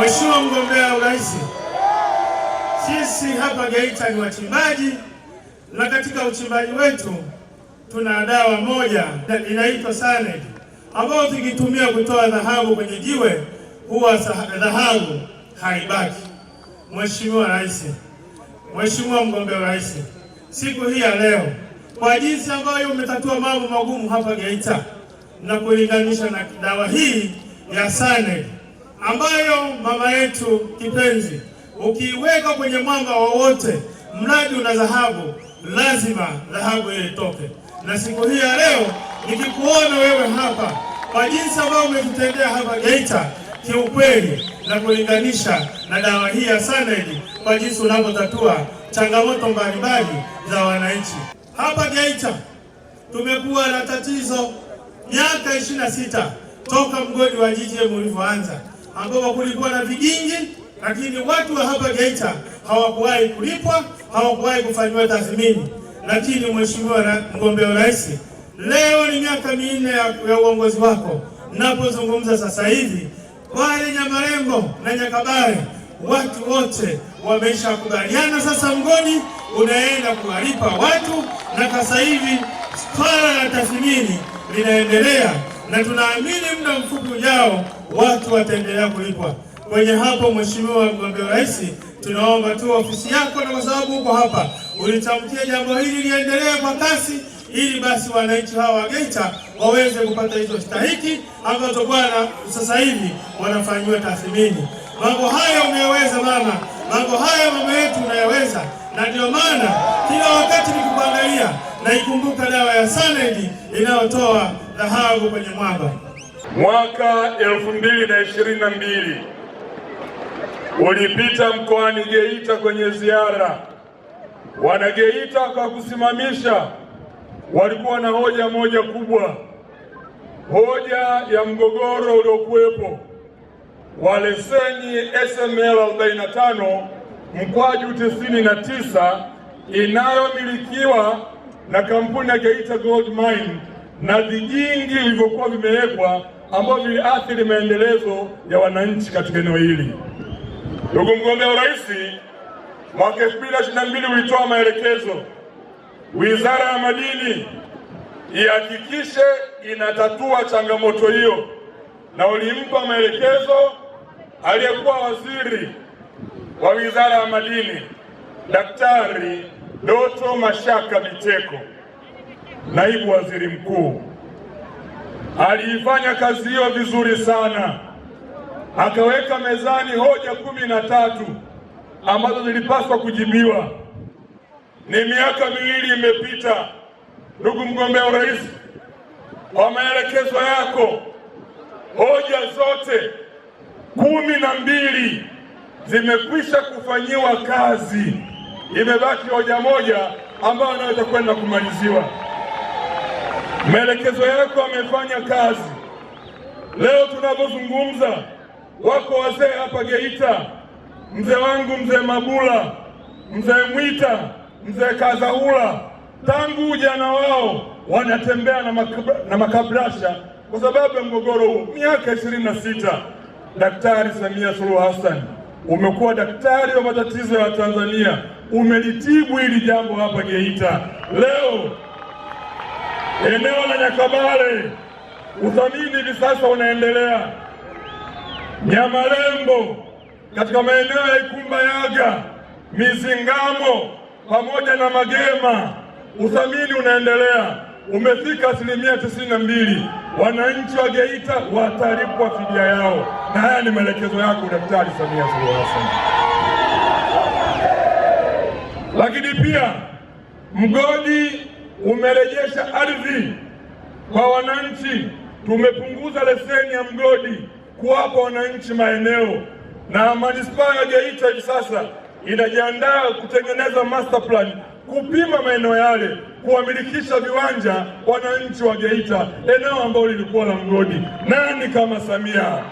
Mheshimiwa mgombea urais, sisi hapa Geita ni wachimbaji na katika uchimbaji wetu tuna dawa moja inaitwa Sanedi ambayo tukitumia kutoa dhahabu kwenye jiwe huwa dhahabu haibaki. Mheshimiwa Rais, Mheshimiwa mgombea urais, siku hii ya leo kwa jinsi ambayo umetatua mambo magumu hapa Geita na kulinganisha na dawa hii ya Sanedi ambayo mama yetu kipenzi, ukiweka kwenye mwanga wowote, mradi una dhahabu, lazima dhahabu ile itoke. Na siku hii ya leo nikikuona wewe hapa kwa jinsi ambayo umetutendea hapa Geita, kiukweli na kulinganisha na dawa hii ya Saneli kwa jinsi unavyotatua changamoto mbalimbali za wananchi hapa Geita. Tumekuwa na tatizo miaka 26 toka mgodi wa GGM ulivyoanza ambao kulikuwa na vijingi, lakini watu wa hapa Geita hawakuwahi kulipwa, hawakuwahi kufanyiwa tathmini. Lakini mheshimiwa mgombea urais, leo ni miaka minne ya, ya uongozi wako. Napozungumza sasa hivi wale Nyamarembo na Nyakabare watu wote wamesha kubaliana, sasa mgodi unaenda kuwalipa watu, na sasa hivi swala la tathmini linaendelea na tunaamini muda mfupi ujao watu wataendelea kulipwa kwenye hapo. Mheshimiwa mgombea rais, tunaomba tu ofisi yako, na kwa sababu uko hapa, ulitamkia jambo hili liendelee kwa kasi, ili basi wananchi hawa wa Geita waweze kupata hizo stahiki ambazo bwana sasa hivi wanafanyiwa tathmini. Mambo haya unayoweza mama, mambo haya mama yetu unayoweza, na ndio maana kila wakati nikikuangalia naikumbuka dawa ya Sanedi inayotoa dhahabu kwenye mwamba. Mwaka elfu mbili na ishirini na mbili ulipita mkoani Geita kwenye ziara. Wanageita kwa kusimamisha, walikuwa na hoja moja kubwa, hoja ya mgogoro uliokuwepo wa leseni SML 45 mkwaju 99 inayomilikiwa na kampuni ya Geita Gold Mine na vijingi vilivyokuwa vimewekwa ambavyo viliathiri maendelezo ya wananchi katika eneo hili. Ndugu mgombea urais, mwaka 2022 ulitoa maelekezo Wizara ya Madini ihakikishe inatatua changamoto hiyo, na ulimpa maelekezo aliyekuwa waziri wa Wizara ya Madini Daktari Doto Mashaka Biteko naibu waziri mkuu aliifanya kazi hiyo vizuri sana, akaweka mezani hoja kumi na tatu ambazo zilipaswa kujibiwa. Ni miaka miwili imepita, ndugu mgombea urais, kwa maelekezo yako hoja zote kumi na mbili zimekwisha kufanyiwa kazi, imebaki hoja moja ambayo inaweza kwenda kumaliziwa maelekezo yako yamefanya kazi. Leo tunapozungumza, wako wazee hapa Geita, mzee wangu mzee Mabula, mzee Mwita, mzee Kazaula, tangu ujana wao wanatembea na, makabra, na makabrasha kwa sababu ya mgogoro huu. Miaka ishirini na sita Daktari Samia Suluhu Hassan umekuwa daktari wa matatizo ya Tanzania, umelitibu hili jambo hapa Geita leo eneo la Nyakabale, udhamini hivi sasa unaendelea. Nyamalembo, katika maeneo ya Ikumba Yaga, Mizingamo pamoja na Magema, udhamini unaendelea, umefika asilimia tisini na mbili. Wananchi wa Geita watalipwa fidia yao, na haya ni maelekezo yako Daktari Samia Suluhu Hassan. Lakini pia mgodi umerejesha ardhi kwa wananchi, tumepunguza leseni ya mgodi kuwapa wananchi maeneo, na manispaa ya Geita hivi sasa inajiandaa kutengeneza master plan kupima maeneo yale kuwamilikisha viwanja wananchi wa Geita, eneo ambalo lilikuwa la mgodi. Nani kama Samia?